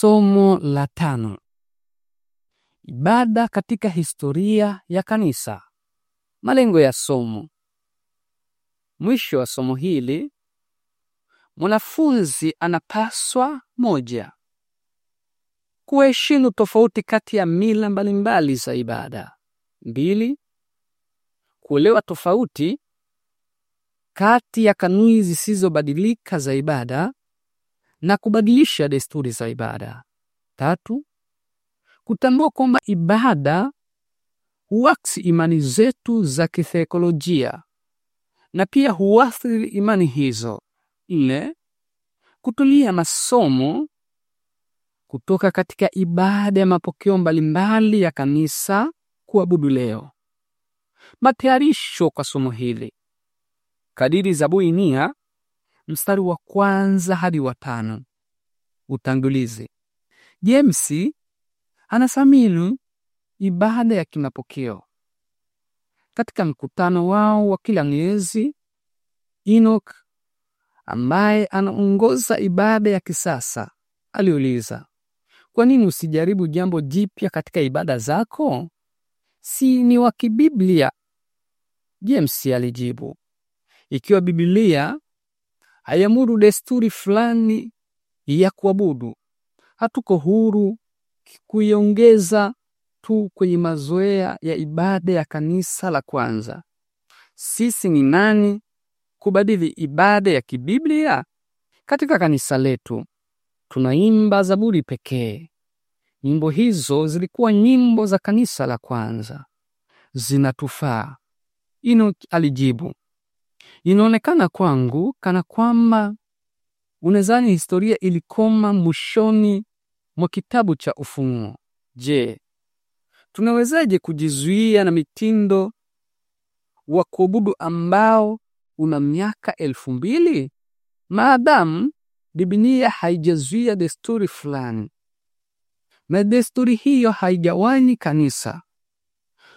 Somo la tano: ibada katika historia ya kanisa. Malengo ya somo. Mwisho wa somo hili, mwanafunzi anapaswa: moja, kuheshimu tofauti kati ya mila mbalimbali za ibada; mbili, kuelewa tofauti kati ya kanuni zisizobadilika za ibada; na kubadilisha desturi za ibada. Tatu, kutambua kwamba ibada huaksi imani zetu za kitheolojia na pia huathiri imani hizo. Nne, kutulia masomo kutoka katika ibada ya mapokeo mbalimbali ya kanisa kuabudu leo. Matayarisho kwa somo hili. Kadiri Zabuinia mstari wa kwanza hadi wa tano. Utangulizi. James anasamini ibada ya kimapokeo katika mkutano wao wa kila mwezi. Enoch ambaye anaongoza ibada ya kisasa aliuliza, kwa nini usijaribu jambo jipya katika ibada zako? Si ni wa kibiblia? James alijibu, ikiwa Biblia ayamuru desturi fulani ya kuabudu. Hatuko huru kuiongeza tu kwenye mazoea ya ibada ya kanisa la kwanza. Sisi ni nani kubadili ibada ya kibiblia? Katika kanisa letu tunaimba zaburi pekee. Nyimbo hizo zilikuwa nyimbo za kanisa la kwanza, zinatufaa. Enoki alijibu Inaonekana kwangu kana kwamba unazani historia ilikoma mwishoni mwa kitabu cha Ufunuo. Je, tunawezaje kujizuia na mitindo wa kuabudu ambao una miaka elfu mbili maadamu Biblia haijazuia desturi fulani na desturi hiyo haijawanyi kanisa.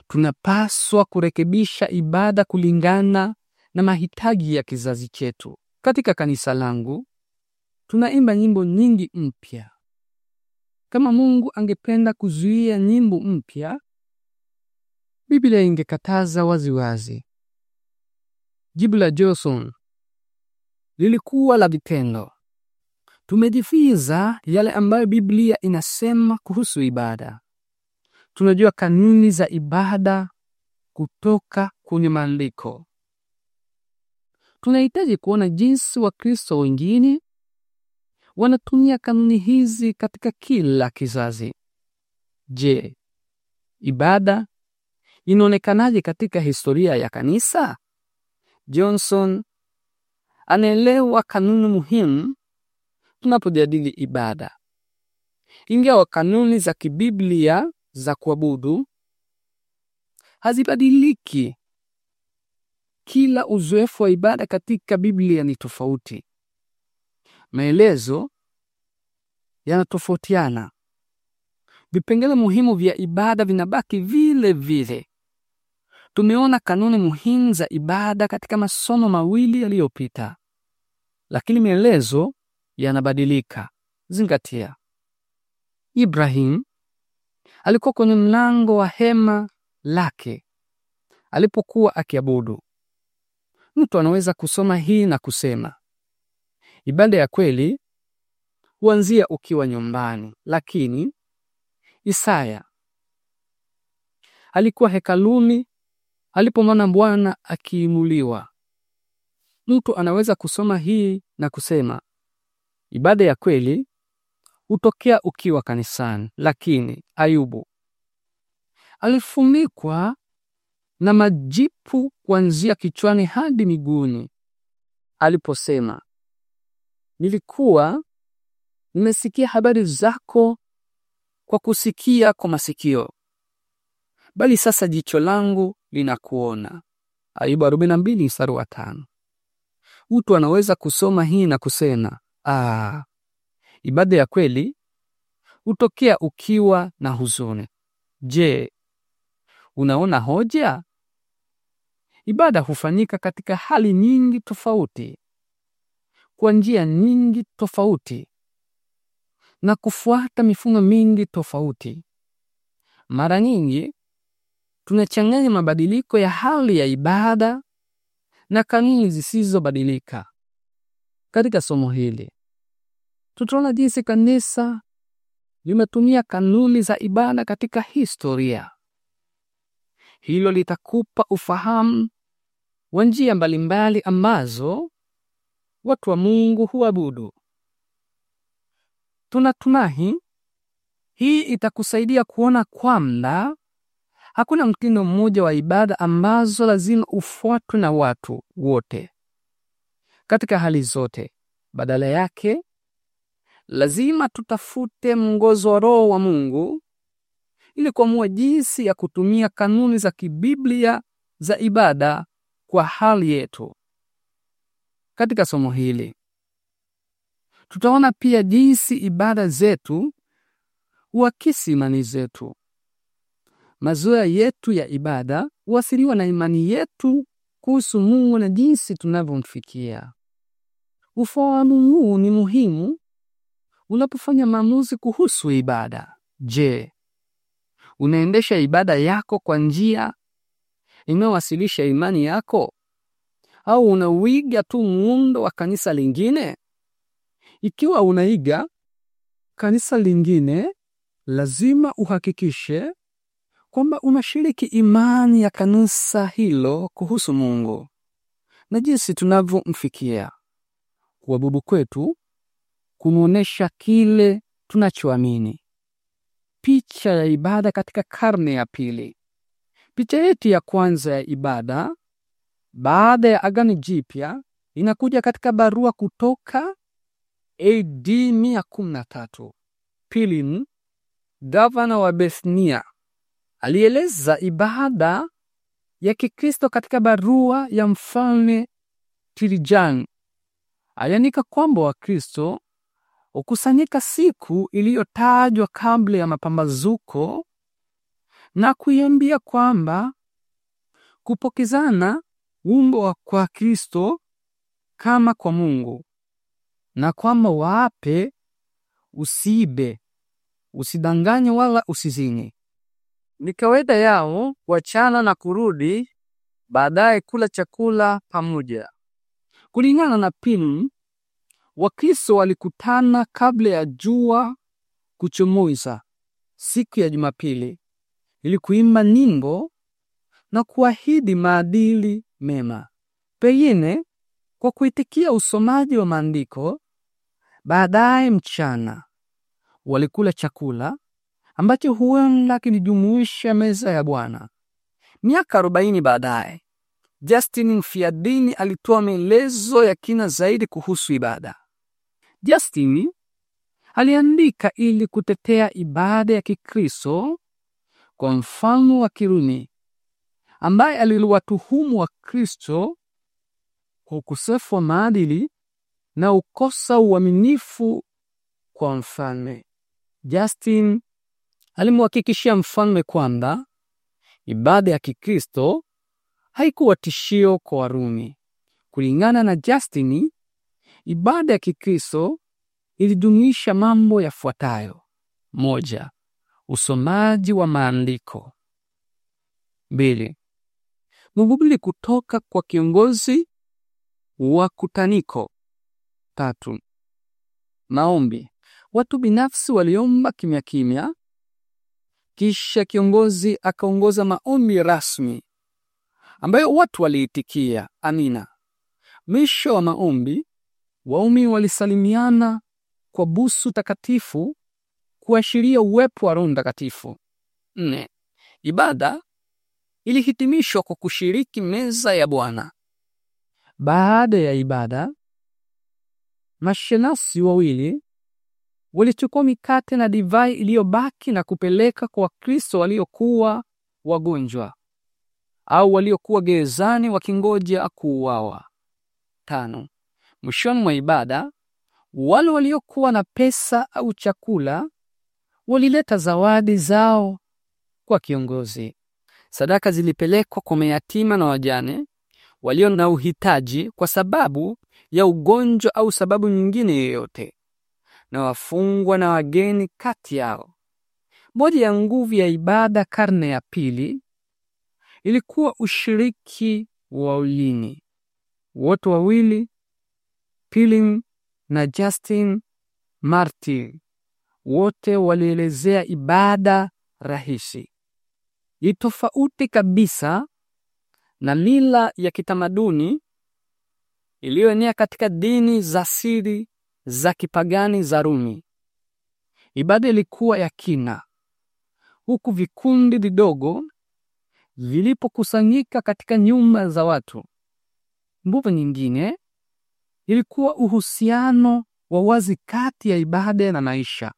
Tunapaswa kurekebisha ibada kulingana na mahitaji ya kizazi chetu. Katika kanisa langu tunaimba nyimbo nyingi mpya. Kama Mungu angependa kuzuia nyimbo mpya, Biblia ingekataza waziwazi. Jibu la Johnson lilikuwa la vitendo. Tumejifunza yale ambayo Biblia inasema kuhusu ibada. Tunajua kanuni za ibada kutoka kwenye maandiko tunahitaji kuona jinsi Wakristo wengine wanatumia kanuni hizi katika kila kizazi. Je, ibada inaonekanaje katika historia ya kanisa? Johnson anaelewa kanuni muhimu tunapojadili ibada. Ingawa kanuni za kibiblia za kuabudu hazibadiliki kila uzoefu wa ibada katika Biblia ni tofauti. Maelezo yanatofautiana. Vipengele muhimu vya ibada vinabaki vile vile. Tumeona kanuni muhimu za ibada katika masomo mawili yaliyopita, lakini maelezo yanabadilika. Zingatia, Ibrahim alikuwa kwenye mlango wa hema lake alipokuwa akiabudu. Mtu anaweza kusoma hii na kusema ibada ya kweli huanzia ukiwa nyumbani, lakini Isaya alikuwa hekaluni alipomwona Bwana akiimuliwa Mtu anaweza kusoma hii na kusema ibada ya kweli hutokea ukiwa kanisani, lakini Ayubu alifunikwa na majipu kuanzia kichwani hadi miguuni, aliposema, nilikuwa nimesikia habari zako kwa kusikia kwa masikio, bali sasa jicho langu linakuona. Ayubu 42 mstari wa Mtu anaweza kusoma hii na kusema ah, ibada ya kweli hutokea ukiwa na huzuni. Je, unaona hoja? Ibada hufanyika katika hali nyingi tofauti, kwa njia nyingi tofauti, na kufuata mifumo mingi tofauti. Mara nyingi tunachanganya mabadiliko ya hali ya ibada na kanuni zisizobadilika. Katika somo hili tutaona jinsi kanisa limetumia kanuni za ibada katika historia. Hilo litakupa ufahamu wa njia mbalimbali ambazo watu wa Mungu huabudu. Tunatumahi hii itakusaidia kuona kwamba hakuna mtindo mmoja wa ibada ambazo lazima ufuatwe na watu wote katika hali zote. Badala yake, lazima tutafute mwongozo wa Roho wa Mungu ili kuamua jinsi ya kutumia kanuni za kibiblia za ibada kwa hali yetu. Katika somo hili tutaona pia jinsi ibada zetu huakisi imani zetu. Mazoea yetu ya ibada huasiriwa na imani yetu kuhusu Mungu na jinsi tunavyomfikia. Ufahamu huu ni muhimu unapofanya maamuzi kuhusu ibada. Je, Unaendesha ibada yako kwa njia inayowasilisha imani yako au unauiga tu muundo wa kanisa lingine? Ikiwa unaiga kanisa lingine, lazima uhakikishe kwamba unashiriki imani ya kanisa hilo kuhusu Mungu na jinsi tunavyomfikia. Kuabudu kwetu kunaonesha kile tunachoamini picha ya ibada katika karne ya pili. Picha yetu ya kwanza ya ibada baada ya Agano Jipya inakuja katika barua kutoka AD 113. Pilin, gavana wa Bethnia, alieleza ibada ya Kikristo katika barua ya mfalme Tirijan. Aliandika kwamba Wakristo hukusanyika siku iliyotajwa kabla ya mapambazuko na kuiambia kwamba kupokezana umbo kwa Kristo kama kwa Mungu, na kwamba waape, usiibe, usidanganye wala usizini. Ni kawaida yao kuachana na kurudi baadaye kula chakula pamoja kulingana na pinu Wakristo walikutana kabla ya jua kuchomoza siku ya Jumapili ili kuimba nyimbo na kuahidi maadili mema. Pengine kwa kuitikia usomaji wa maandiko. Baadaye mchana walikula chakula ambacho huenda kilijumuisha meza ya Bwana. Miaka 40 baadaye, Justin Fiadini alitoa maelezo ya kina zaidi kuhusu ibada. Justin aliandika ili kutetea ibada ya Kikristo kwa mfano wa Kirumi ambaye aliwatuhumu kristo kwa ukosefu wa maadili na ukosa uaminifu kwa mfalme. Justin alimhakikishia mfalme kwamba ibada ya Kikristo haikuwa tishio kwa Warumi. Kulingana na Justini, Ibada ya Kikristo ilidumisha mambo yafuatayo: moja, usomaji wa maandiko; mbili, mhubiri kutoka kwa kiongozi wa kutaniko; tatu, maombi. Watu binafsi waliomba kimya kimya, kisha kiongozi akaongoza maombi rasmi ambayo watu waliitikia amina. Mwisho wa maombi, Waumi walisalimiana kwa busu takatifu kuashiria uwepo wa Roho Mtakatifu. Nne, ibada ilihitimishwa kwa kushiriki meza ya Bwana. Baada ya ibada, mashenasi wawili walichukua mikate na divai iliyobaki na kupeleka kwa Wakristo waliokuwa wagonjwa au waliokuwa gerezani wakingoja kuuawa. Tano, Mwishoni mwa ibada, wale waliokuwa na pesa au chakula walileta zawadi zao kwa kiongozi. Sadaka zilipelekwa kwa mayatima na wajane walio na uhitaji kwa sababu ya ugonjwa au sababu nyingine yoyote, na wafungwa na wageni kati yao. Moja ya nguvu ya ibada karne ya pili ilikuwa ushiriki wa ulini. Wote wawili Pilim na Justin Martyr wote walielezea ibada rahisi. Ni tofauti kabisa na mila ya kitamaduni iliyoenea katika dini za siri za kipagani za Rumi. Ibada ilikuwa ya kina, huku vikundi vidogo vilipokusanyika katika nyumba za watu. Mbuvu nyingine ilikuwa uhusiano wa wazi kati ya ibada na maisha.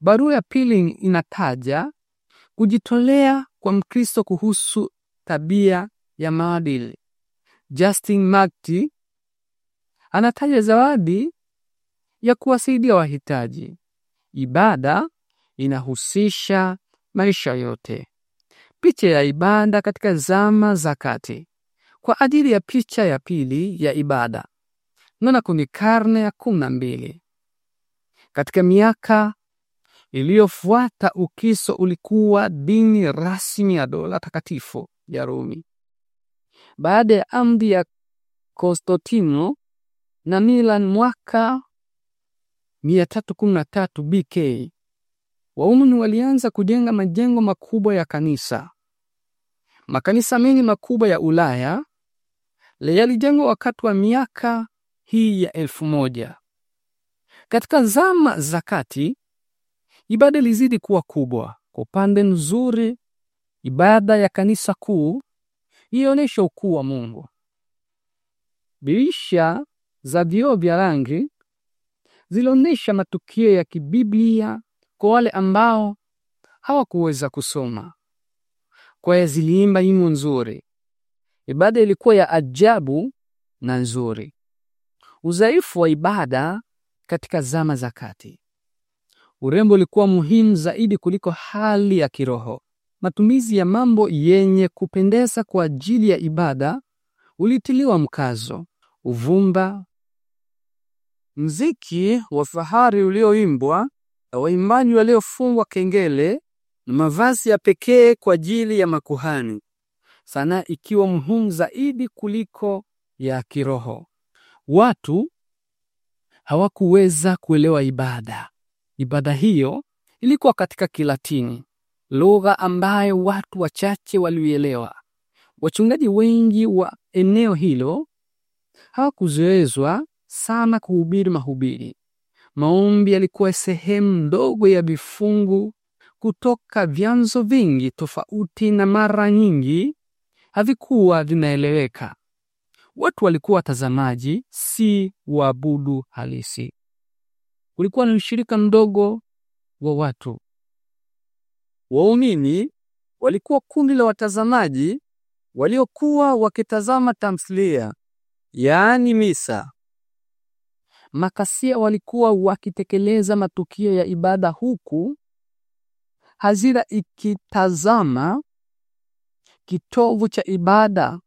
Barua ya pili inataja kujitolea kwa Mkristo kuhusu tabia ya maadili. Justin Magti anataja zawadi ya kuwasaidia wahitaji. Ibada inahusisha maisha yote. Picha ya ibada katika zama za kati. Kwa ajili ya picha ya pili ya ibada, na kwenye karne ya kumi na mbili, katika miaka iliyofuata Ukristo ulikuwa dini rasmi ya dola takatifu ya Rumi. Baada ya amri ya Konstantino na Milan mwaka 313 BK, Waumini walianza kujenga majengo makubwa ya kanisa. Makanisa mengi makubwa ya Ulaya yalijengwa wakati wa miaka hii ya elfu moja. Katika zama za kati ibada ilizidi kuwa kubwa. Kwa upande mzuri, ibada ya kanisa kuu ilionyesha ukuu wa Mungu. Dirisha za vioo vya rangi zilionyesha matukio ya kibiblia kwa wale ambao hawakuweza kusoma. Kwaya ziliimba nyimbo nzuri. Ibada ilikuwa ya ajabu na nzuri. Udhaifu wa ibada katika zama za kati. Urembo ulikuwa muhimu zaidi kuliko hali ya kiroho. Matumizi ya mambo yenye kupendeza kwa ajili ya ibada ulitiliwa mkazo. Uvumba, mziki wa fahari ulioimbwa na waimbaji waliofungwa kengele na mavazi ya pekee kwa ajili ya makuhani, sanaa ikiwa muhimu zaidi kuliko ya kiroho watu hawakuweza kuelewa ibada. Ibada hiyo ilikuwa katika Kilatini, lugha ambayo watu wachache walielewa. Wachungaji wengi wa eneo hilo hawakuzoezwa sana kuhubiri mahubiri. Maombi yalikuwa sehemu ndogo ya vifungu kutoka vyanzo vingi tofauti, na mara nyingi havikuwa vinaeleweka. Watu walikuwa watazamaji, si waabudu halisi. Ulikuwa ni ushirika mdogo wa watu. Waumini walikuwa kundi la watazamaji waliokuwa wakitazama tamthilia, yaani misa. Makasia walikuwa wakitekeleza matukio ya ibada huku hazira ikitazama kitovu cha ibada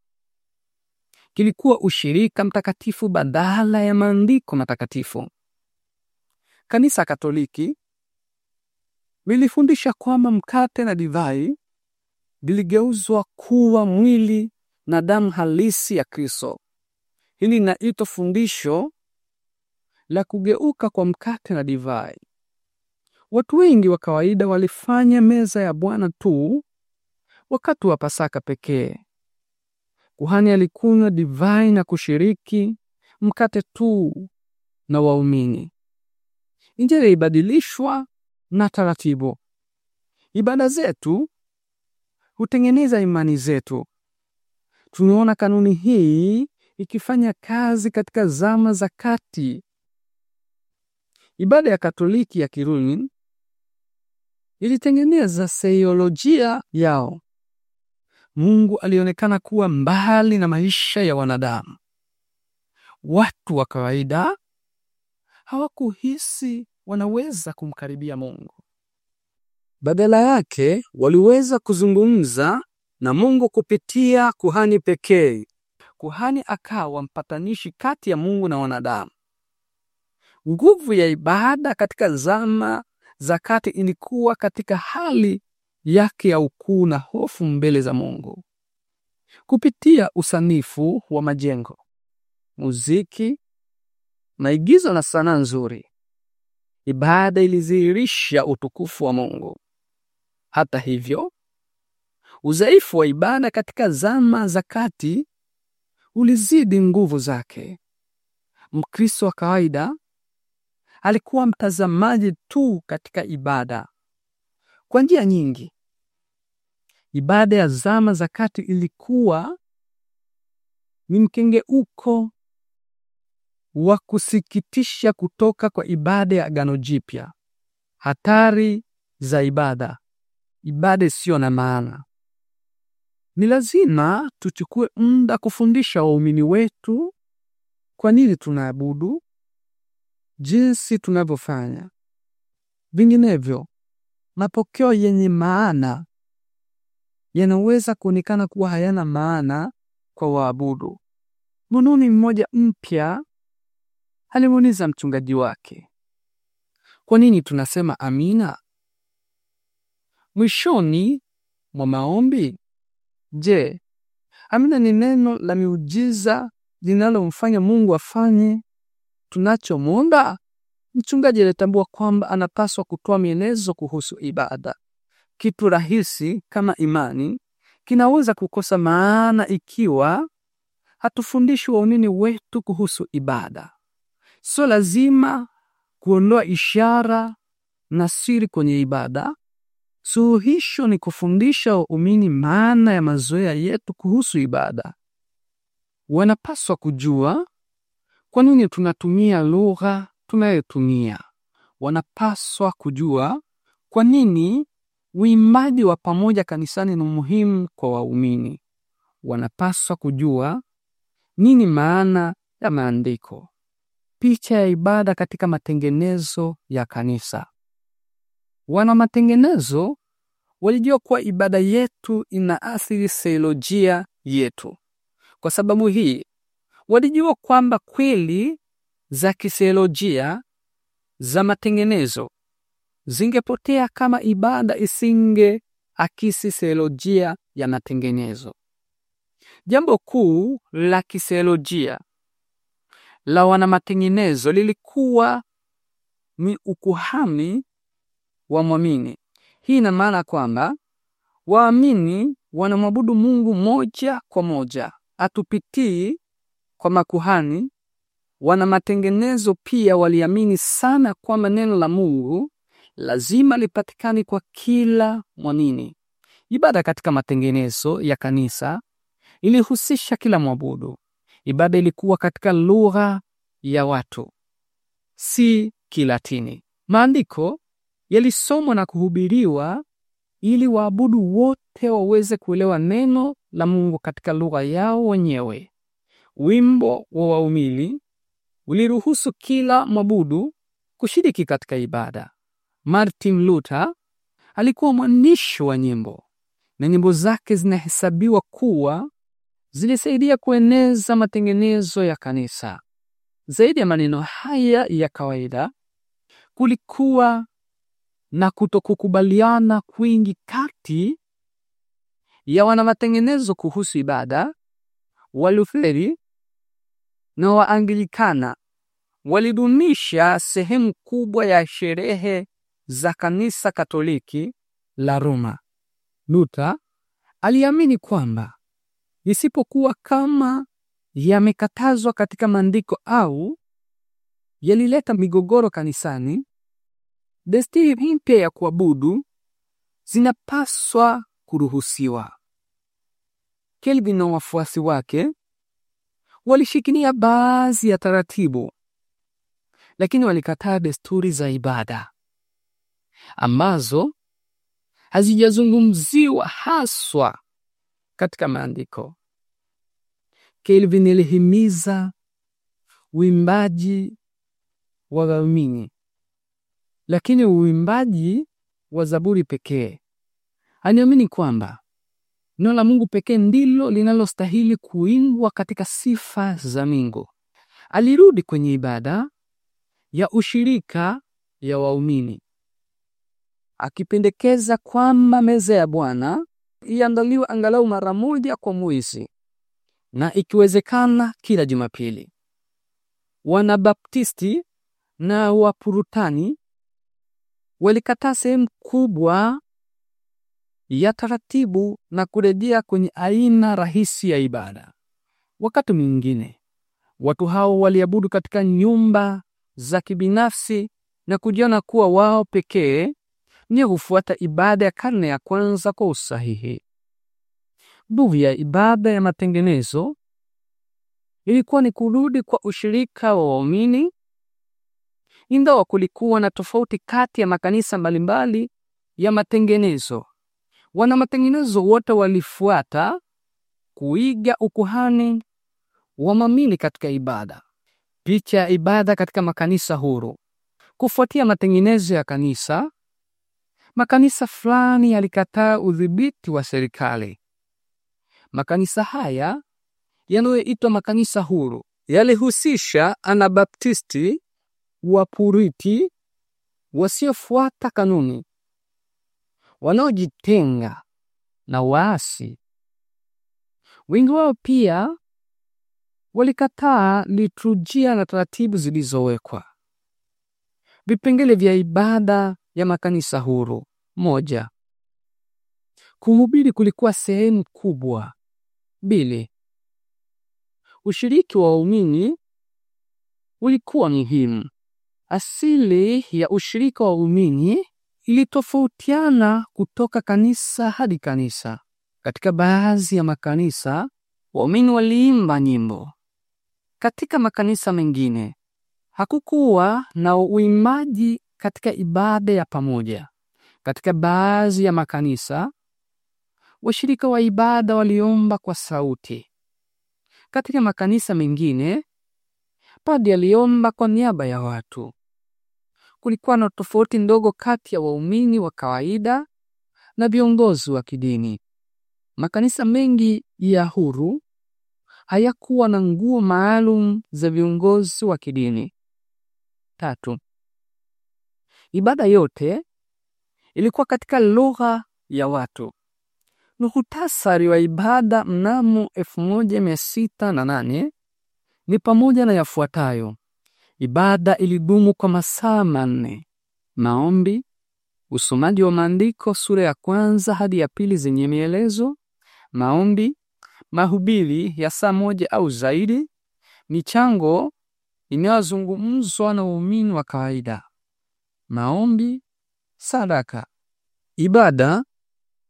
kilikuwa ushirika mtakatifu badala ya maandiko matakatifu. Kanisa Katoliki lilifundisha kwamba mkate na divai viligeuzwa kuwa mwili na damu halisi ya Kristo. Hili linaitwa fundisho la kugeuka kwa mkate na divai. Watu wengi wa kawaida walifanya meza ya Bwana tu wakati wa Pasaka pekee. Kuhani alikunywa divai na kushiriki mkate tu na waumini. Injili ibadilishwa na taratibu. Ibada zetu hutengeneza imani zetu. Tunaona kanuni hii ikifanya kazi katika zama za kati. Ibada ya Katoliki ya Kirumi ilitengeneza seiolojia yao. Mungu alionekana kuwa mbali na maisha ya wanadamu. Watu wa kawaida hawakuhisi wanaweza kumkaribia Mungu. Badala yake, waliweza kuzungumza na Mungu kupitia kuhani pekee. Kuhani akawa mpatanishi kati ya Mungu na wanadamu. Nguvu ya ibada katika zama za kati ilikuwa katika hali yake ya ukuu na hofu mbele za Mungu. Kupitia usanifu wa majengo, muziki, maigizo na sanaa nzuri, ibada ilidhihirisha utukufu wa Mungu. Hata hivyo, udhaifu wa ibada katika zama za kati ulizidi nguvu zake. Mkristo wa kawaida alikuwa mtazamaji tu katika ibada. Kwa njia nyingi, Ibada ya zama za kati ilikuwa ni mkengeuko wa kusikitisha kutoka kwa ibada ya Agano Jipya. Hatari za ibada, ibada isiyo na maana. Ni lazima tuchukue muda kufundisha waumini wetu kwa nini tunaabudu, jinsi tunavyofanya. Vinginevyo, mapokeo yenye maana yanaweza kuonekana kuwa hayana maana kwa waabudu. Mununi mmoja mpya alimuuliza mchungaji wake, kwa nini tunasema amina mwishoni mwa maombi? Je, amina ni neno la miujiza linalomfanya Mungu afanye tunachomwomba? Mchungaji alitambua kwamba anapaswa kutoa mielezo kuhusu ibada kitu rahisi kama imani kinaweza kukosa maana ikiwa hatufundishi waumini wetu kuhusu ibada. Sio lazima kuondoa ishara na siri kwenye ibada. Suluhisho ni kufundisha waumini maana ya mazoea yetu kuhusu ibada. Wanapaswa kujua kwa nini tunatumia lugha tunayotumia. Wanapaswa kujua kwa nini Uimbaji wa pamoja kanisani ni muhimu kwa waumini. Wanapaswa kujua nini maana ya maandiko, picha ya ibada katika matengenezo ya kanisa. Wana matengenezo walijua kuwa ibada yetu inaathiri theolojia yetu. Kwa sababu hii, walijua kwamba kweli za kitheolojia za matengenezo zingepotea kama ibada isinge akisi theolojia ya matengenezo. Jambo kuu la kitheolojia la wanamatengenezo lilikuwa ni ukuhani wa mwamini. Hii ina maana kwamba waamini wanamwabudu Mungu moja kwa moja, atupitii kwa makuhani. Wanamatengenezo pia waliamini sana kwa maneno la Mungu lazima lipatikane kwa kila mwanini. Ibada katika matengenezo ya kanisa ilihusisha kila mwabudu. Ibada ilikuwa katika lugha ya watu, si Kilatini. Maandiko yalisomwa na kuhubiriwa ili waabudu wote waweze kuelewa neno la Mungu katika lugha yao wenyewe. Wimbo wa waumili uliruhusu kila mwabudu kushiriki katika ibada. Martin Luther alikuwa mwandishi wa nyimbo na nyimbo zake zinahesabiwa kuwa zilisaidia kueneza matengenezo ya kanisa. Zaidi ya maneno haya ya kawaida, kulikuwa na kutokukubaliana kwingi kati ya wana matengenezo kuhusu ibada. Walutheri na Waanglikana walidumisha sehemu kubwa ya sherehe za Kanisa Katoliki la Roma. Luther aliamini kwamba isipokuwa kama yamekatazwa katika maandiko au yalileta migogoro kanisani, desturi mpya ya kuabudu zinapaswa kuruhusiwa. Kelvin na wafuasi wake walishikilia baadhi ya taratibu, lakini walikataa desturi za ibada ambazo hazijazungumziwa haswa katika maandiko. Kelvin ilihimiza uimbaji wa waumini lakini uimbaji wa Zaburi pekee. Aniamini kwamba neno la Mungu pekee ndilo linalostahili kuimbwa katika sifa za Mungu. Alirudi kwenye ibada ya ushirika ya waumini akipendekeza kwamba meza ya Bwana iandaliwe angalau mara moja kwa mwezi na ikiwezekana kila Jumapili. Wanabaptisti na Wapurutani walikataa sehemu kubwa ya taratibu na kurejea kwenye aina rahisi ya ibada. Wakati mwingine watu hao waliabudu katika nyumba za kibinafsi na kujiona kuwa wao pekee ni hufuata ibada ya karne ya kwanza kwa usahihi. Nguvu ya ibada ya matengenezo ilikuwa ni kurudi kwa ushirika wa waumini, ingawa kulikuwa na tofauti kati ya makanisa mbalimbali ya matengenezo. Wana matengenezo wote walifuata kuiga ukuhani wa mamini katika ibada. Picha ya ibada katika makanisa huru. Kufuatia matengenezo ya kanisa, Makanisa fulani yalikataa udhibiti wa serikali. Makanisa haya yanayoitwa makanisa huru yalihusisha Anabaptisti, Wapuriti, wasiofuata kanuni, wanaojitenga na waasi. Wengi wao pia walikataa liturujia na taratibu zilizowekwa. Vipengele vya ibada ya makanisa huru. Moja, kuhubiri kulikuwa sehemu kubwa. Bili, ushiriki wa waumini ulikuwa muhimu. Asili ya ushirika wa waumini ilitofautiana kutoka kanisa hadi kanisa. Katika baadhi ya makanisa waumini waliimba nyimbo. Katika makanisa mengine hakukuwa na uimbaji katika ibada ya pamoja. Katika baadhi ya makanisa, washirika wa ibada waliomba kwa sauti. Katika makanisa mengine, padri aliomba kwa niaba ya watu. Kulikuwa na tofauti ndogo kati ya waumini wa kawaida na viongozi wa kidini. Makanisa mengi ya huru hayakuwa na nguo maalum za viongozi wa kidini. Tatu, Ibada yote ilikuwa katika lugha ya watu. Muhtasari wa ibada mnamo 1608 ni pamoja na yafuatayo: ibada ilidumu kwa masaa manne, maombi, usomaji wa maandiko sura ya kwanza hadi ya pili zenye mielezo, maombi, mahubiri ya saa moja au zaidi, michango inayozungumzwa na waumini wa kawaida maombi, sadaka. Ibada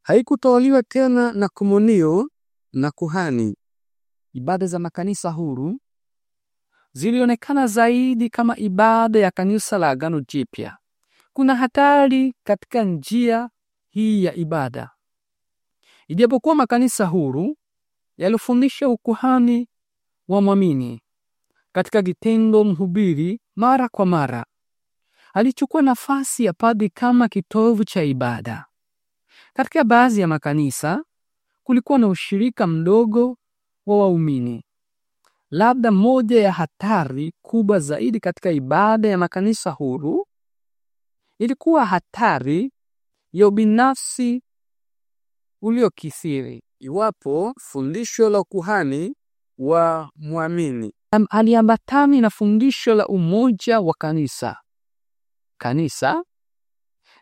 haikutawaliwa tena na komunio na kuhani. Ibada za makanisa huru zilionekana zaidi kama ibada ya kanisa la Agano Jipya. Kuna hatari katika njia hii ya ibada. Ijapokuwa makanisa huru yalifundisha ukuhani wa mwamini katika kitendo mhubiri mara kwa mara, alichukua nafasi ya padri kama kitovu cha ibada. Katika baadhi ya makanisa kulikuwa na ushirika mdogo wa waumini. Labda moja ya hatari kubwa zaidi katika ibada ya makanisa huru ilikuwa hatari ya ubinafsi uliokithiri. Iwapo fundisho la kuhani wa mwamini aliambatani na fundisho la umoja wa kanisa, kanisa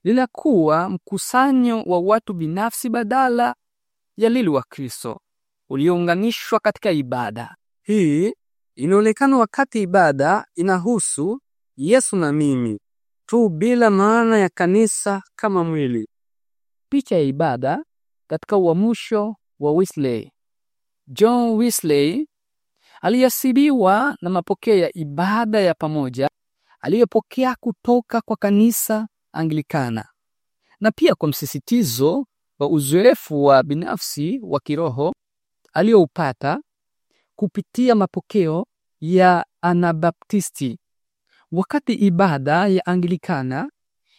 linakuwa mkusanyo wa watu binafsi badala ya lili wa Kristo uliounganishwa katika ibada. Hii inaonekana wakati ibada inahusu Yesu na mimi tu bila maana ya kanisa kama mwili. Picha ya ibada katika uamsho wa Wesley. John Wesley aliyasibiwa na mapokeo ya ibada ya pamoja aliyopokea kutoka kwa kanisa Anglikana, na pia kwa msisitizo wa uzoefu wa binafsi wa kiroho aliyoupata kupitia mapokeo ya Anabaptisti. Wakati ibada ya Anglikana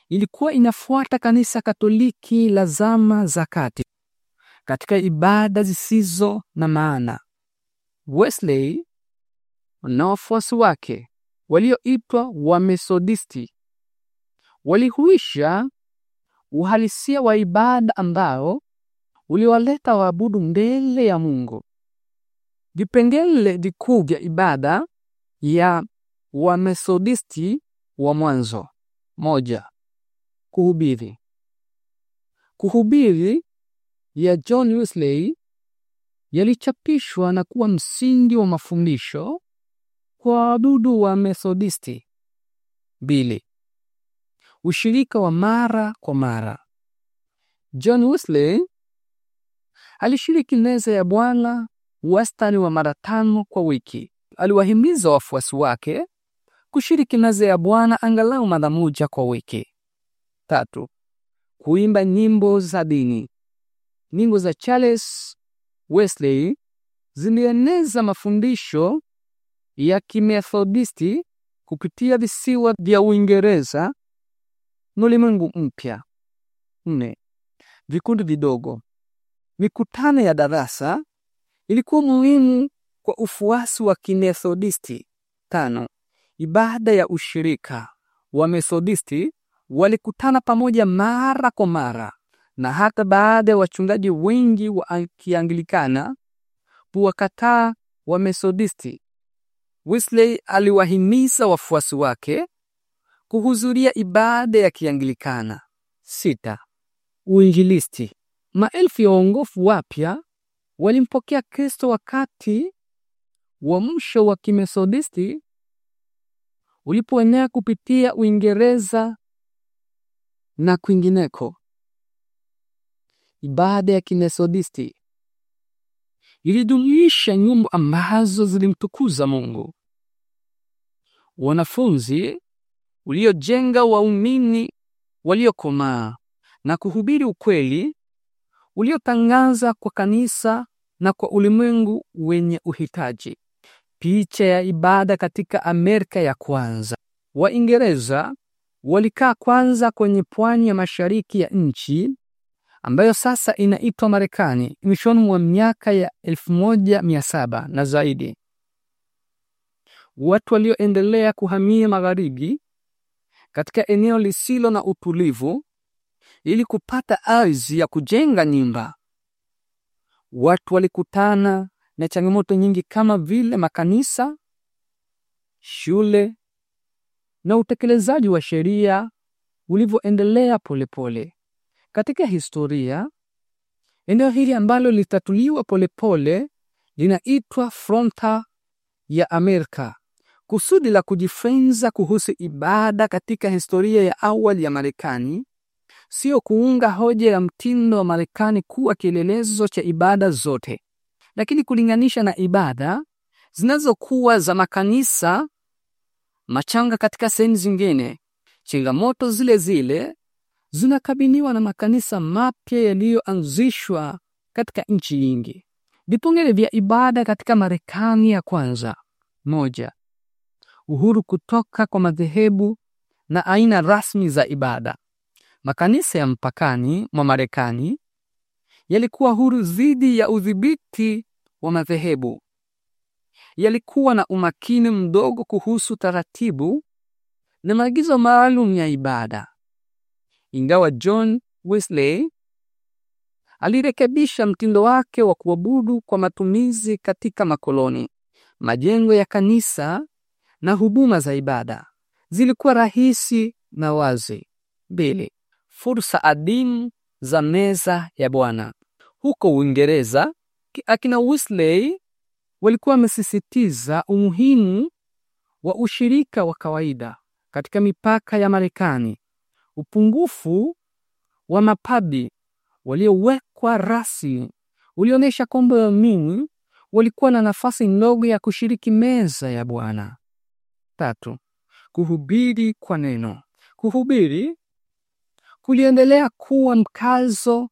ilikuwa inafuata kanisa Katoliki la zama za kati katika ibada zisizo na maana, Wesley na wafuasi wake walioitwa Wamethodisti walihuisha uhalisia wa ibada ambao uliwaleta waabudu mbele ya Mungu. Vipengele vikuu vya ibada ya Wamethodisti wa mwanzo: moja, kuhubiri. Kuhubiri ya John Wesley yalichapishwa na kuwa msingi wa mafundisho kwa wadudu wa Methodisti. Bili. ushirika wa mara kwa mara. John Wesley alishiriki meza ya Bwana wastani wa mara tano kwa wiki. Aliwahimiza wafuasi wake kushiriki meza ya Bwana angalau mara moja kwa wiki. Tatu, kuimba nyimbo za dini. Nyimbo za Charles Wesley zilieneza mafundisho ya kimethodisti kupitia visiwa vya Uingereza na ulimwengu mpya. Nne, vikundi vidogo. Mikutano ya darasa ilikuwa muhimu kwa ufuasi wa Kimethodisti. Tano, ibada ya ushirika. Wamethodisti walikutana pamoja mara kwa mara na hata baada ya wachungaji wengi wa Kianglikana kuwakataa Wamethodisti Wesley aliwahimiza wafuasi wake kuhudhuria ibada ya Kianglikana. Sita, uinjilisti. Maelfu ya waongofu wapya walimpokea Kristo wakati wa msho wa kimesodisti ulipoenea kupitia Uingereza na kwingineko. Ibada ya kimesodisti ilidumisha nyumba ambazo zilimtukuza Mungu. Wanafunzi uliojenga waumini waliokomaa na kuhubiri ukweli uliotangaza kwa kanisa na kwa ulimwengu wenye uhitaji. Picha ya ibada katika Amerika ya kwanza. Waingereza walikaa kwanza kwenye pwani ya mashariki ya nchi ambayo sasa inaitwa Marekani mwishoni mwa miaka ya 1700 na zaidi. Watu walioendelea kuhamia magharibi katika eneo lisilo na utulivu ili kupata ardhi ya kujenga nyumba. Watu walikutana na changamoto nyingi kama vile makanisa, shule na utekelezaji wa sheria ulivyoendelea polepole. Katika historia, eneo hili ambalo litatuliwa polepole linaitwa fronta ya Amerika. Kusudi la kujifunza kuhusu ibada katika historia ya awali ya Marekani sio kuunga hoja ya mtindo wa Marekani kuwa kielelezo cha ibada zote, lakini kulinganisha na ibada zinazokuwa za makanisa machanga katika sehemu zingine. Changamoto zile zile zinakabiliwa na makanisa mapya yaliyoanzishwa katika nchi nyingi. Vipengele vya ibada katika Marekani ya kwanza: moja, uhuru kutoka kwa madhehebu na aina rasmi za ibada. Makanisa ya mpakani mwa Marekani yalikuwa huru dhidi ya udhibiti wa madhehebu. Yalikuwa na umakini mdogo kuhusu taratibu na maagizo maalum ya ibada. Ingawa John Wesley alirekebisha mtindo wake wa kuabudu kwa matumizi katika makoloni, majengo ya kanisa na huduma za ibada zilikuwa rahisi na wazi. Bili, fursa adimu za meza ya Bwana. Huko Uingereza, akina Wesley walikuwa wamesisitiza umuhimu wa ushirika wa kawaida katika mipaka ya Marekani Upungufu wa mapadi waliowekwa rasi ulionyesha kwamba waamini walikuwa na nafasi ndogo ya kushiriki meza ya Bwana. Tatu, kuhubiri kwa neno. Kuhubiri kuliendelea kuwa mkazo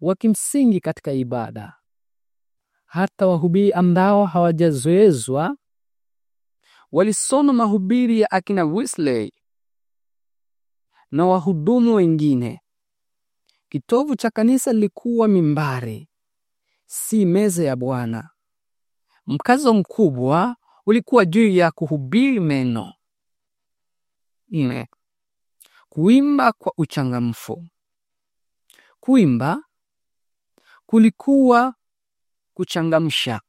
wa kimsingi katika ibada. Hata wahubiri ambao hawajazoezwa walisoma mahubiri ya akina Wesley na wahudumu wengine. Kitovu cha kanisa lilikuwa mimbari, si meza ya Bwana. Mkazo mkubwa ulikuwa juu ya kuhubiri meno Nne, kuimba kwa uchangamfu. Kuimba kulikuwa kuchangamsha.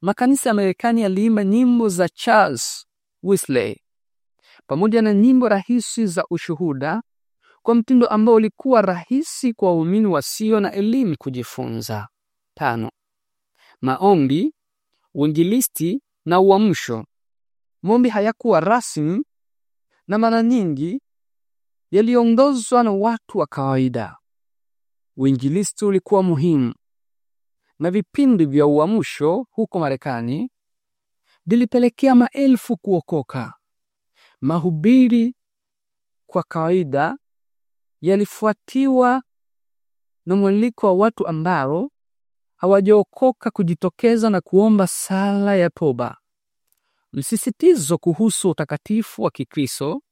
Makanisa ya Marekani yaliimba nyimbo za Charles Wesley pamoja na nyimbo rahisi za ushuhuda kwa mtindo ambao ulikuwa rahisi kwa waumini wasio na elimu kujifunza. Tano, maombi, uinjilisti na uamsho. Maombi hayakuwa rasmi na mara nyingi yaliongozwa na watu wa kawaida. Uinjilisti ulikuwa muhimu na vipindi vya uamsho huko Marekani vilipelekea maelfu kuokoka. Mahubiri kwa kawaida yalifuatiwa na mwaliko wa watu ambao hawajaokoka kujitokeza na kuomba sala ya toba. Msisitizo kuhusu utakatifu wa Kikristo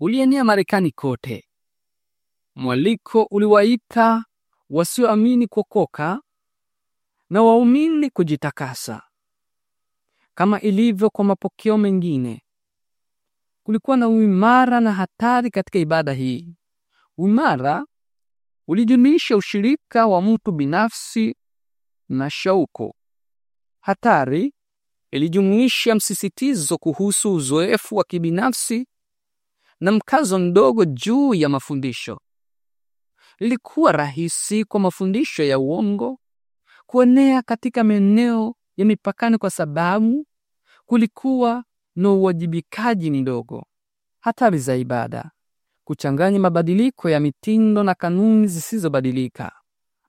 ulienea Marekani kote. Mwaliko uliwaita wasioamini kuokoka na waumini kujitakasa. Kama ilivyo kwa mapokeo mengine, Kulikuwa na uimara na hatari katika ibada hii. Uimara ulijumuisha ushirika wa mtu binafsi na shauko. Hatari ilijumuisha msisitizo kuhusu uzoefu wa kibinafsi na mkazo mdogo juu ya mafundisho. Ilikuwa rahisi kwa mafundisho ya uongo kuenea katika maeneo ya mipakani kwa sababu kulikuwa na uwajibikaji ni ndogo. Hatari za ibada: kuchanganya mabadiliko ya mitindo na kanuni zisizobadilika.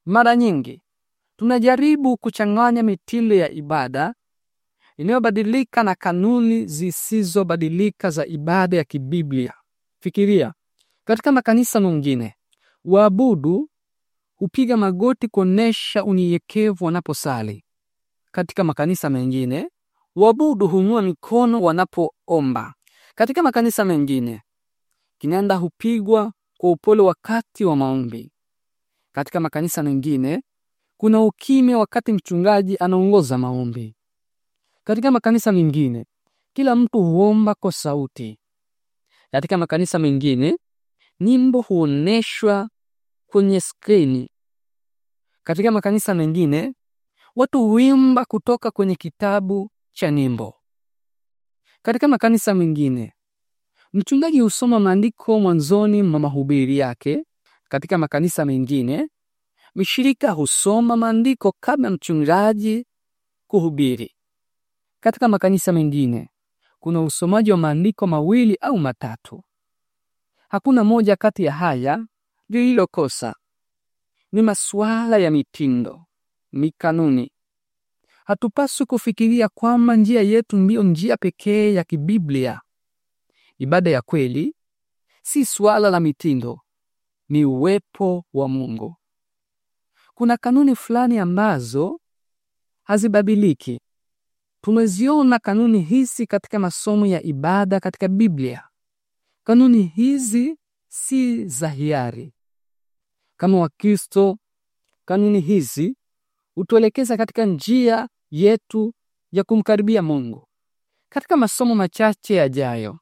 Mara nyingi tunajaribu kuchanganya mitindo ya ibada inayobadilika na kanuni zisizobadilika za ibada ya kibiblia. Fikiria, katika makanisa mengine waabudu hupiga magoti kuonesha unyenyekevu wanaposali. Katika makanisa mengine wabudu hunua mikono wanapoomba. Katika makanisa mengine, kinanda hupigwa kwa upole wakati wa maombi. Katika makanisa mengine, kuna ukimya wakati mchungaji anaongoza maombi. Katika makanisa mengine, kila mtu huomba kwa sauti. Katika makanisa mengine, nyimbo huoneshwa kwenye skrini. Katika makanisa mengine, watu huimba kutoka kwenye kitabu cha nyimbo. Katika makanisa mengine, mchungaji husoma maandiko mwanzoni mwa mahubiri yake. Katika makanisa mengine, mshirika husoma maandiko kabla mchungaji kuhubiri. Katika makanisa mengine, kuna usomaji wa maandiko mawili au matatu. Hakuna moja kati ya haya lililokosa. Ni masuala ya mitindo, mikanuni Hatupaswi kufikiria kwamba njia yetu ndiyo njia pekee ya kibiblia. Ibada ya kweli si swala la mitindo, ni uwepo wa Mungu. Kuna kanuni fulani ambazo hazibadiliki. Tumeziona kanuni hizi katika masomo ya ibada katika Biblia. Kanuni hizi si za hiari. Kama Wakristo, kanuni hizi hutuelekeza katika njia yetu ya kumkaribia Mungu. Katika masomo machache yajayo,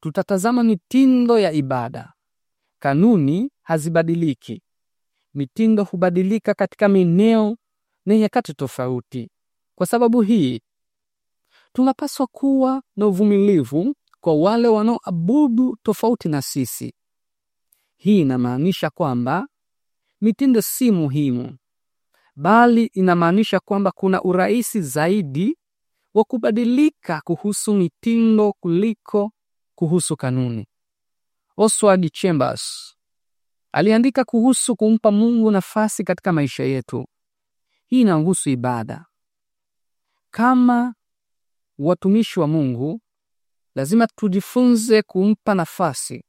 tutatazama mitindo ya ibada. Kanuni hazibadiliki, mitindo hubadilika katika maeneo na nyakati tofauti. Kwa sababu hii, tunapaswa kuwa na uvumilivu kwa wale wanaoabudu tofauti na sisi. Hii inamaanisha kwamba mitindo si muhimu, bali inamaanisha kwamba kuna urahisi zaidi wa kubadilika kuhusu mitindo kuliko kuhusu kanuni. Oswald Chambers aliandika kuhusu kumpa Mungu nafasi katika maisha yetu. Hii inahusu ibada. Kama watumishi wa Mungu, lazima tujifunze kumpa nafasi.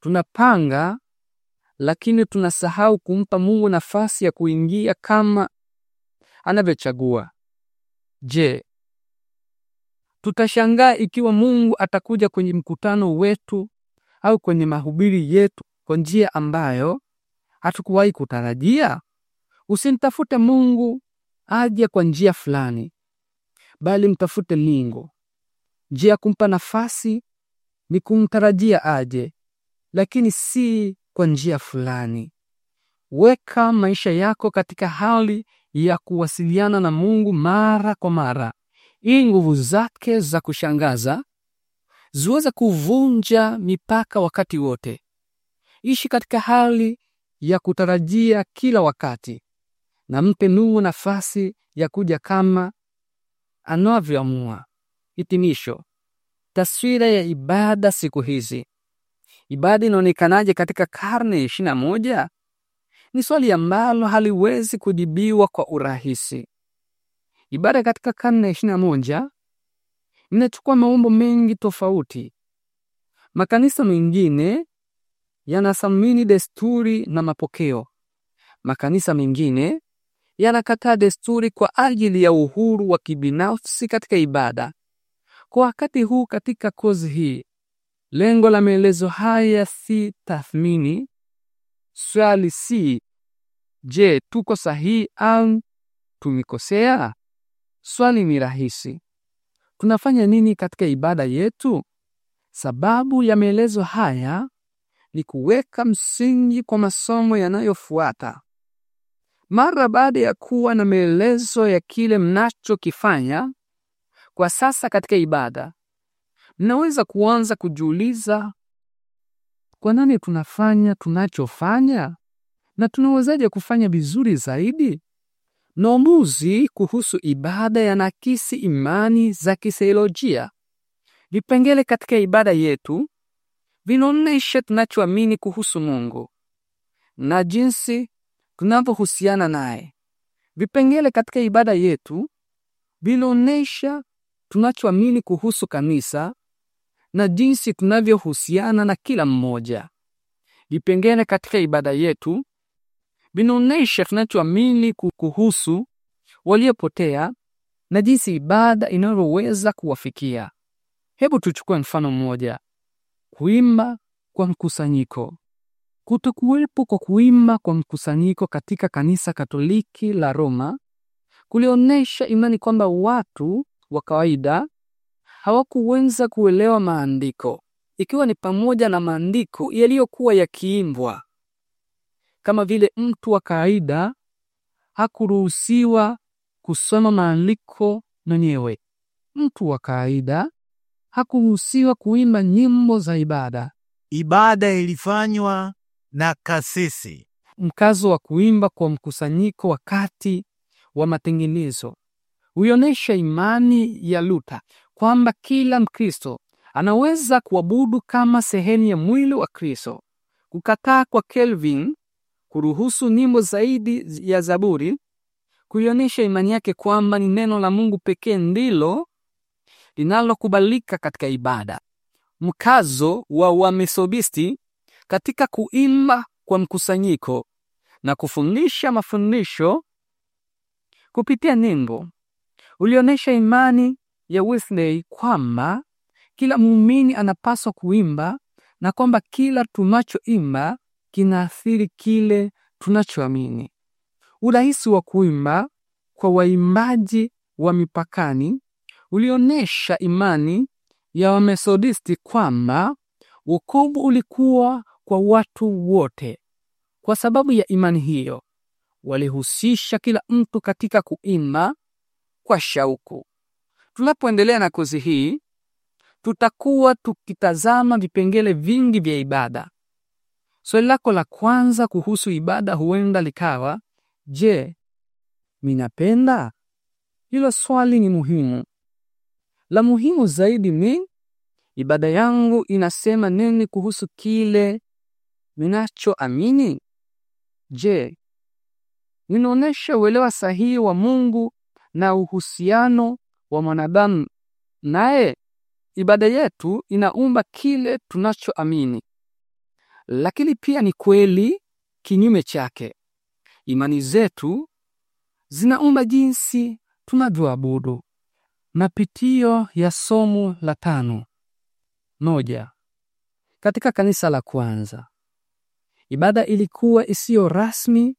Tunapanga lakini tunasahau kumpa Mungu nafasi ya kuingia kama anavyochagua. Je, tutashangaa ikiwa Mungu atakuja kwenye mkutano wetu au kwenye mahubiri yetu kwa njia ambayo hatukuwahi kutarajia? Usimtafute Mungu aje kwa njia fulani, bali mtafute Mungu. Njia ya kumpa nafasi ni kumtarajia aje, lakini si kwa njia fulani. Weka maisha yako katika hali ya kuwasiliana na Mungu mara kwa mara, ili nguvu zake za kushangaza ziweze kuvunja mipaka wakati wote. Ishi katika hali ya kutarajia kila wakati, na mpe Mungu nafasi ya kuja kama anavyoamua. Hitimisho: taswira ya ibada siku hizi ibada inaonekanaje katika karne ya moja? Ni swali ambalo haliwezi kujibiwa kwa urahisi. Ibada katika karne ya 21 moja inachukua maumbo mengi tofauti. Makanisa mengine yanathamini desturi na mapokeo. Makanisa mengine yanakataa desturi kwa ajili ya uhuru wa kibinafsi katika ibada. Kwa wakati huu katika kozi hii Lengo la maelezo haya si tathmini. Swali si je, tuko sahihi au tumekosea? Swali ni rahisi, tunafanya nini katika ibada yetu? Sababu ya maelezo haya ni kuweka msingi kwa masomo yanayofuata. Mara baada ya kuwa na maelezo ya kile mnachokifanya kwa sasa katika ibada, Naweza kuanza kujiuliza kwa nani tunafanya tunachofanya na tunawezaje kufanya vizuri zaidi? Maamuzi kuhusu ibada yanakisi imani za kisaikolojia. Vipengele katika ibada yetu vinaonesha tunachoamini kuhusu Mungu na jinsi tunavyohusiana naye. Vipengele katika ibada yetu vinaonesha tunachoamini kuhusu kanisa na jinsi tunavyohusiana na kila mmoja. Vipengele katika ibada yetu vinaonyesha tunachoamini kuhusu waliopotea na jinsi ibada inavyoweza kuwafikia. Hebu tuchukue mfano mmoja: kuimba kwa mkusanyiko. Kutokuwepo kwa kuimba kwa mkusanyiko katika kanisa Katoliki la Roma kulionyesha imani kwamba watu wa kawaida hawakuweza kuelewa maandiko, ikiwa ni pamoja na maandiko yaliyokuwa yakiimbwa. Kama vile mtu wa kawaida hakuruhusiwa kusoma maandiko mwenyewe. Mtu wa kawaida hakuruhusiwa kuimba nyimbo za ibada. Ibada ilifanywa na kasisi. Mkazo wa kuimba kwa mkusanyiko wakati wa matengenezo uionesha imani ya luta kwamba kila Mkristo anaweza kuabudu kama sehemu ya mwili wa Kristo. Kukataa kwa kelvin kuruhusu nyimbo zaidi ya Zaburi kuionyesha imani yake kwamba ni neno la Mungu pekee ndilo linalokubalika katika ibada. Mkazo wa wamesobisti katika kuimba kwa mkusanyiko na kufundisha mafundisho kupitia nyimbo ulionyesha imani ya Wesley kwamba kila muumini anapaswa kuimba na kwamba kila tunachoimba kinaathiri kile tunachoamini. Urahisi wa kuimba kwa waimbaji wa mipakani ulionyesha imani ya Wamethodisti kwamba wokovu ulikuwa kwa watu wote. Kwa sababu ya imani hiyo, walihusisha kila mtu katika kuimba kwa shauku. Tunapoendelea na kozi hii, tutakuwa tukitazama vipengele vingi vya ibada. Swali lako la kwanza kuhusu ibada huenda likawa, je, ninapenda? Hilo swali ni muhimu. La muhimu zaidi ni ibada yangu inasema nini kuhusu kile ninachoamini? Je, ninaonesha uelewa sahihi wa Mungu na uhusiano wa mwanadamu, naye ibada yetu inaumba kile tunachoamini. Lakini pia ni kweli kinyume chake, imani zetu zinaumba jinsi tunavyoabudu. Mapitio ya somo la tano. Moja. Katika kanisa la kwanza ibada ilikuwa isiyo rasmi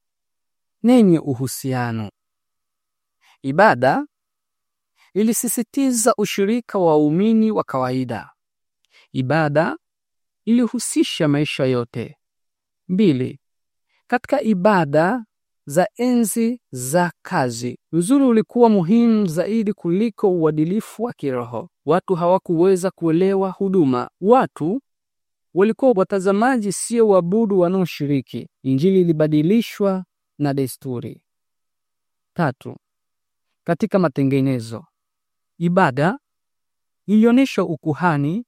na yenye uhusiano. Ibada ilisisitiza ushirika wa waumini wa kawaida. Ibada ilihusisha maisha yote. Mbili, katika ibada za enzi za kazi, uzuri ulikuwa muhimu zaidi kuliko uadilifu wa kiroho. Watu hawakuweza kuelewa huduma. Watu walikuwa watazamaji, sio waabudu wanaoshiriki. Injili ilibadilishwa na desturi. Tatu, katika matengenezo Ibada ilionyesha ukuhani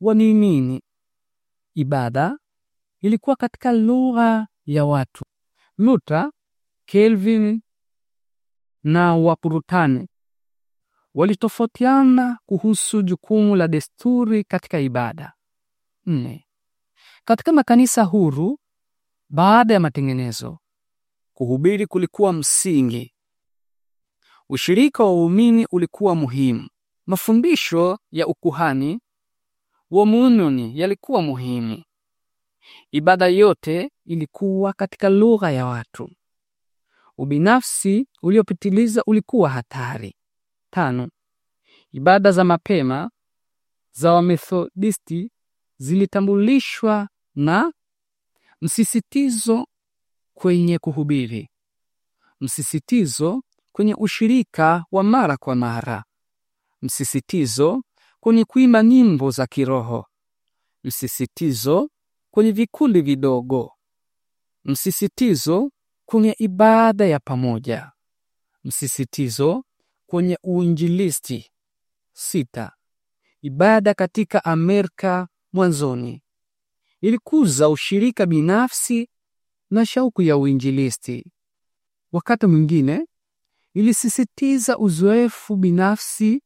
wa nini? Ibada ilikuwa katika lugha ya watu. Luther, Calvin na wapurutani walitofautiana kuhusu jukumu la desturi katika ibada. Nne. Katika makanisa huru baada ya matengenezo, kuhubiri kulikuwa msingi Ushirika wa waumini ulikuwa muhimu. Mafundisho ya ukuhani wa muumini yalikuwa muhimu. Ibada yote ilikuwa katika lugha ya watu. Ubinafsi uliopitiliza ulikuwa hatari. Tano, ibada za mapema za Wamethodisti zilitambulishwa na msisitizo kwenye kuhubiri. Msisitizo kwenye ushirika wa mara kwa mara. Msisitizo kwenye kuimba nyimbo za kiroho. Msisitizo kwenye vikundi vidogo. Msisitizo kwenye ibada ya pamoja. Msisitizo kwenye uinjilisti. Sita. Ibada katika Amerika mwanzoni ilikuza ushirika binafsi na shauku ya uinjilisti. Wakati mwingine ilisisitiza uzoefu binafsi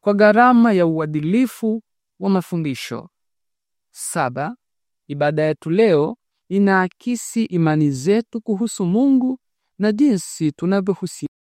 kwa gharama ya uadilifu wa mafundisho. Saba, ibada yetu leo inaakisi imani zetu kuhusu Mungu na jinsi tunavyohusiana